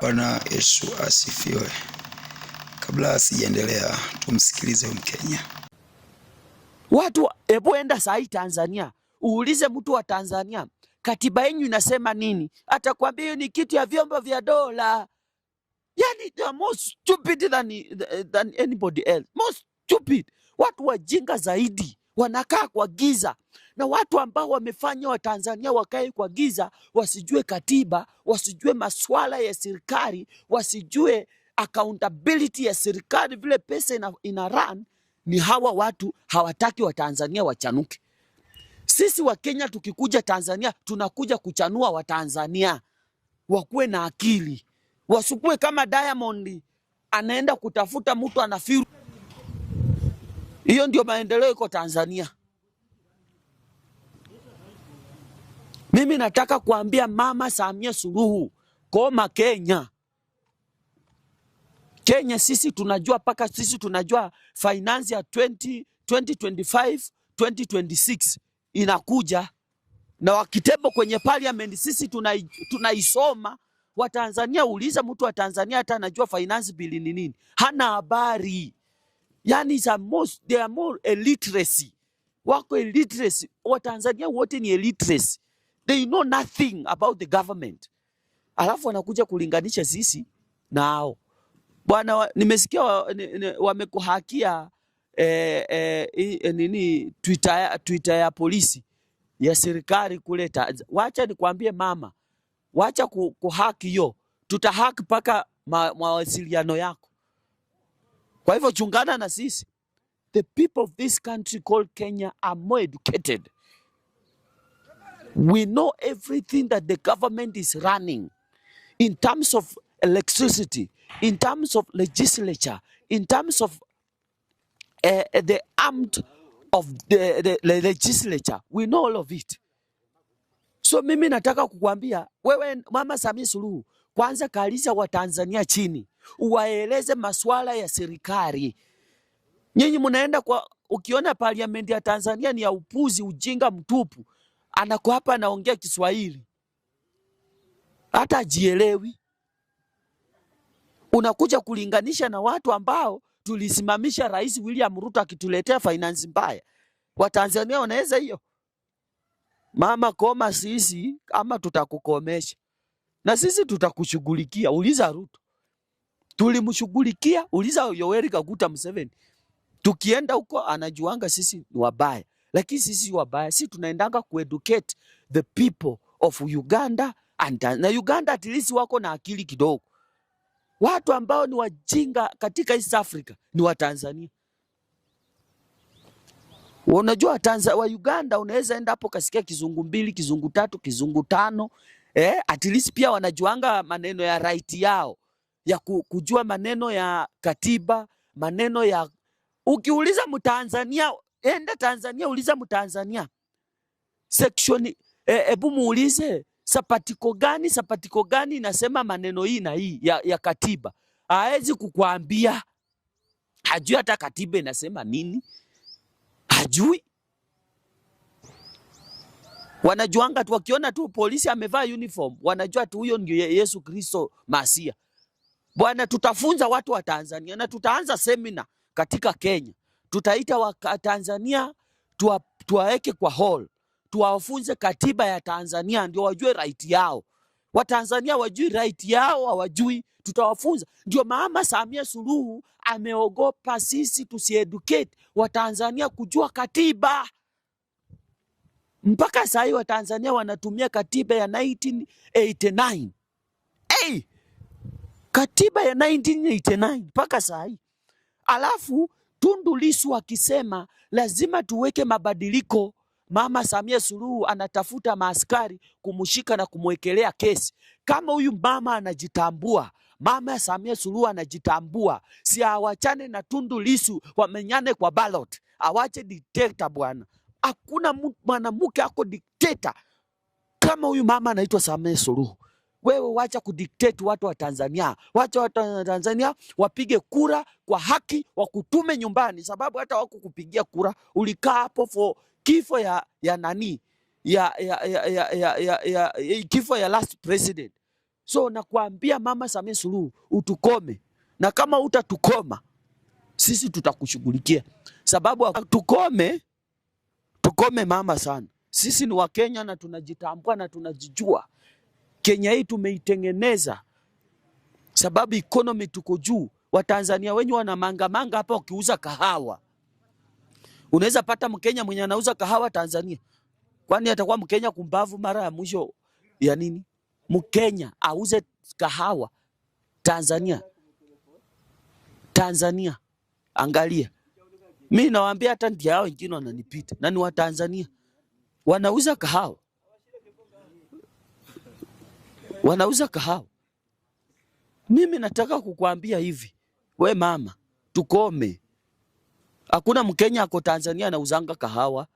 Bwana Yesu asifiwe. Kabla sijaendelea, tumsikilize Mkenya. Watu hebu enda saa hii Tanzania uulize mtu wa Tanzania katiba yenu inasema nini, atakwambia hiyo ni kitu ya vyombo vya dola. Yani the most stupid than, than anybody else. most stupid, watu wajinga zaidi wanakaa kwa giza, na watu ambao wamefanya Watanzania wakae kwa giza, wasijue katiba, wasijue masuala ya serikali, wasijue accountability ya serikali, vile pesa ina, ina run. Ni hawa watu hawataki Watanzania wachanuke. Sisi Wakenya tukikuja Tanzania tunakuja kuchanua Watanzania, wakuwe na akili, wasukue kama Diamond anaenda kutafuta mtu anafiru hiyo ndio maendeleo iko Tanzania. Mimi nataka kuambia Mama Samia Suluhu, koma Kenya. Kenya sisi tunajua mpaka sisi tunajua finance ya 20, 2025 2026 inakuja na wakitembo kwenye parliament, sisi tunaisoma. Watanzania, uliza mtu wa Tanzania hata anajua finance bill ni nini, hana habari yani za most, they are more illiteracy, wako illiteracy. Watanzania wote ni illiteracy, they know nothing about the government, alafu wanakuja kulinganisha sisi nao. Bwana, nimesikia wamekuhakia wa eh, eh, eh, nini Twitter, Twitter ya polisi ya serikali kule. Wacha nikwambie mama, wacha kuhaki hiyo, tutahaki paka mawasiliano yako kwa hivyo chungana na sisi. The people of this country called Kenya are more educated. We know everything that the government is running in terms of electricity, in terms of legislature, in terms of uh, the armed of the, the legislature. We know all of it. So mimi nataka kukwambia wewe Mama Samia Suluhu kwanza kaliza Watanzania chini, uwaeleze masuala ya serikali. Nyinyi mnaenda kwa, ukiona parliament ya Tanzania ni ya upuzi, ujinga mtupu, hapa anaongea Kiswahili hata ajielewi. Unakuja kulinganisha na watu ambao tulisimamisha Rais William Ruto akituletea finance mbaya. Watanzania wanaweza hiyo? Mama koma sisi ama tutakukomesha na sisi tutakushughulikia. Uliza Ruto, tulimshughulikia. Uliza Yoweri Kaguta Museveni, tukienda huko anajuanga sisi ni wabaya, lakini sisi wabaya, sisi tunaendanga kueducate the people of Uganda and, na Uganda at least wako na akili kidogo. Watu ambao ni wajinga katika East Africa ni wa Tanzania. Unajua Tanzania, wa Uganda unaweza enda hapo kasikia kizungu mbili, kizungu tatu, kizungu tano eh, at least pia wanajuanga maneno ya right yao ya kujua maneno ya katiba, maneno ya ukiuliza Mtanzania, enda Tanzania uliza Mtanzania section, hebu eh, muulize sapatiko gani, sapatiko gani inasema maneno hii na hii ya, ya katiba, hawezi kukwambia hajui hata katiba inasema nini, hajui Wanajuanga tu wakiona tu polisi amevaa uniform, wanajua tu huyo ndio Yesu Kristo Masia. Bwana, tutafunza watu wa Tanzania na tutaanza semina katika Kenya. Tutaita wa Tanzania tuwa, tuwaweke kwa hall, tuwafunze katiba ya Tanzania ndio wajue right yao. Watanzania wajui right yao, hawajui, tutawafunza. Ndio mama Samia Suluhu ameogopa sisi tusieducate Watanzania kujua katiba. Mpaka saa hii Watanzania wanatumia katiba ya 1989. Hey, katiba ya 1989 mpaka saa hii. Alafu Tundu Lissu akisema lazima tuweke mabadiliko. Mama Samia Suluhu anatafuta maaskari kumshika na kumwekelea kesi. Kama huyu mama anajitambua, mama Samia Suluhu anajitambua, si awachane na Tundu Lissu, wamenyane kwa ballot, awache dikteta bwana. Hakuna mwanamke ako dikteta kama huyu mama anaitwa Samia Suluhu. Wewe wacha kudikteti watu wa Tanzania, wacha watu wa Tanzania wapige kura kwa haki, wakutume nyumbani, sababu hata wako kupigia kura ulikaa hapo for kifo ya, ya nani ya, ya, ya, ya, ya, ya, ya, ya, kifo ya last president. So nakwambia mama Samia Suluhu utukome, na kama utatukoma sisi tutakushughulikia, sababu tukome tukome mama sana. Sisi ni Wakenya na tunajitambua na tunajijua. Kenya hii tumeitengeneza sababu economy tuko juu. Watanzania wenye wanamangamanga hapa wakiuza kahawa. Unaweza pata Mkenya mwenye anauza kahawa Tanzania. Kwani atakuwa Mkenya kumbavu mara ya mwisho ya nini? Mkenya auze kahawa Tanzania. Tanzania. Angalia. Mi nawaambia hata ndia hao wengine wananipita na ni Watanzania wanauza kahawa, wanauza kahawa. Mimi nataka kukuambia hivi, we mama, tukome. Hakuna Mkenya ako Tanzania anauzanga kahawa.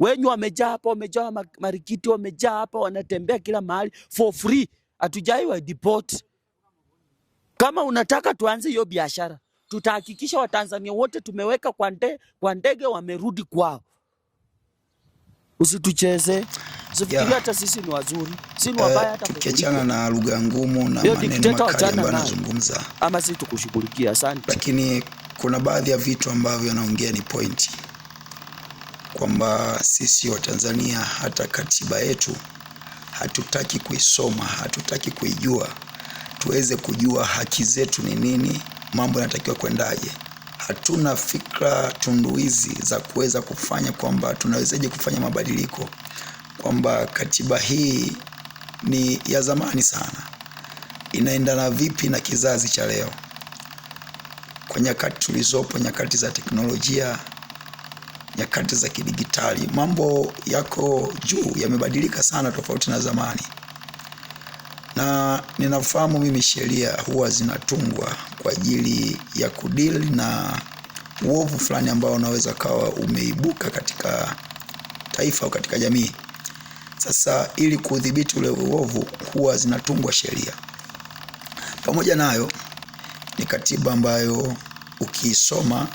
Wenyu wamejaa hapa, wamejaa marikiti, wamejaa hapa, wanatembea kila mahali for free, hatujai wa deport. Kama unataka tuanze hiyo biashara tutahakikisha Watanzania wote tumeweka kwa ndege, kwa ndege wamerudi kwao. Usitucheze, usifikiria hata sisi ni wazuri, si ni eh, wabaya hata tukiachana na lugha ngumu na maneno makali ambayo anazungumza, ama sisi tukushughulikia. Asante, lakini kuna baadhi ya vitu ambavyo anaongea ni pointi kwamba sisi Watanzania hata katiba yetu hatutaki kuisoma, hatutaki kuijua, tuweze kujua haki zetu ni nini mambo yanatakiwa kwendaje. Hatuna fikra tunduizi za kuweza kufanya kwamba tunawezaje kufanya mabadiliko, kwamba katiba hii ni ya zamani sana, inaendana vipi na kizazi cha leo kwa nyakati tulizopo, nyakati za teknolojia, nyakati za kidigitali. Mambo yako juu, yamebadilika sana, tofauti na zamani na ninafahamu mimi sheria huwa zinatungwa kwa ajili ya kudili na uovu fulani ambao unaweza kawa umeibuka katika taifa au katika jamii. Sasa ili kudhibiti ule uovu huwa zinatungwa sheria. Pamoja nayo ni katiba ambayo ukiisoma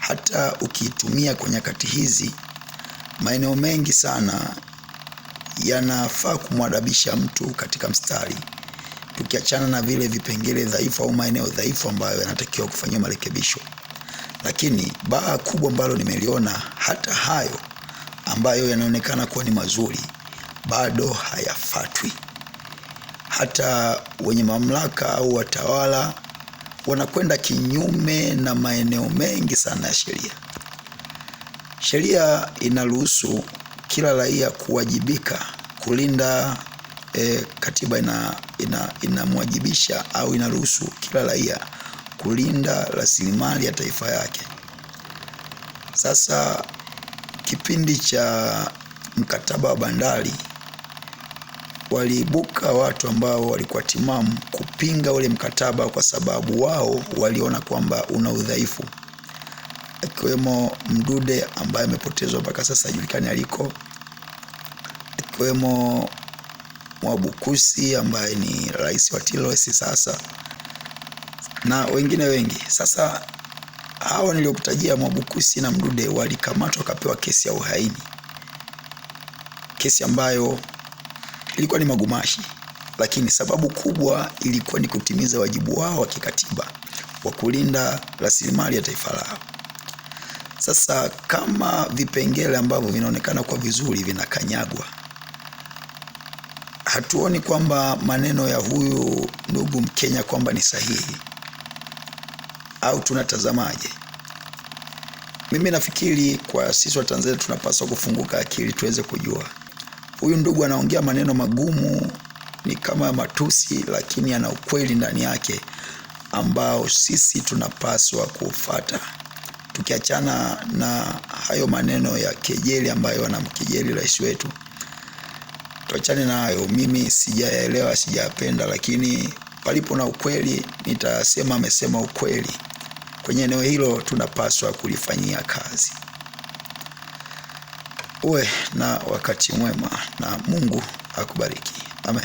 hata ukiitumia kwa nyakati hizi maeneo mengi sana yanafaa kumwadabisha mtu katika mstari, tukiachana na vile vipengele dhaifu au maeneo dhaifu ambayo yanatakiwa kufanyiwa marekebisho. Lakini baa kubwa ambalo nimeliona, hata hayo ambayo yanaonekana kuwa ni mazuri bado hayafatwi. Hata wenye mamlaka au watawala wanakwenda kinyume na maeneo mengi sana ya sheria. Sheria inaruhusu kila raia kuwajibika kulinda e, katiba ina inamwajibisha ina au inaruhusu kila raia kulinda rasilimali ya taifa yake. Sasa kipindi cha mkataba wa bandari waliibuka watu ambao walikuwa timamu kupinga ule mkataba kwa sababu wao waliona kwamba una udhaifu, akiwemo Mdude ambaye amepotezwa mpaka sasa hajulikani aliko, akiwemo Mwabukusi ambaye ni rais wa TLS sasa na wengine wengi. Sasa hawa niliokutajia Mwabukusi na Mdude walikamatwa wakapewa kesi ya uhaini, kesi ambayo ilikuwa ni magumashi, lakini sababu kubwa ilikuwa ni kutimiza wajibu wao wa kikatiba wa kulinda rasilimali ya taifa lao. Sasa kama vipengele ambavyo vinaonekana kwa vizuri vinakanyagwa hatuoni kwamba maneno ya huyu ndugu Mkenya kwamba ni sahihi au tunatazamaje? Mimi nafikiri kwa sisi wa Tanzania tunapaswa kufunguka akili tuweze kujua huyu ndugu anaongea maneno magumu, ni kama matusi, lakini ana ukweli ndani yake ambao sisi tunapaswa kufata tukiachana na hayo maneno ya kejeli ambayo anamkejeli rais wetu tuachane nayo, mimi sijaelewa, sijapenda, lakini palipo na ukweli nitasema amesema ukweli. Kwenye eneo hilo tunapaswa kulifanyia kazi. Uwe na wakati mwema na Mungu akubariki. Amen.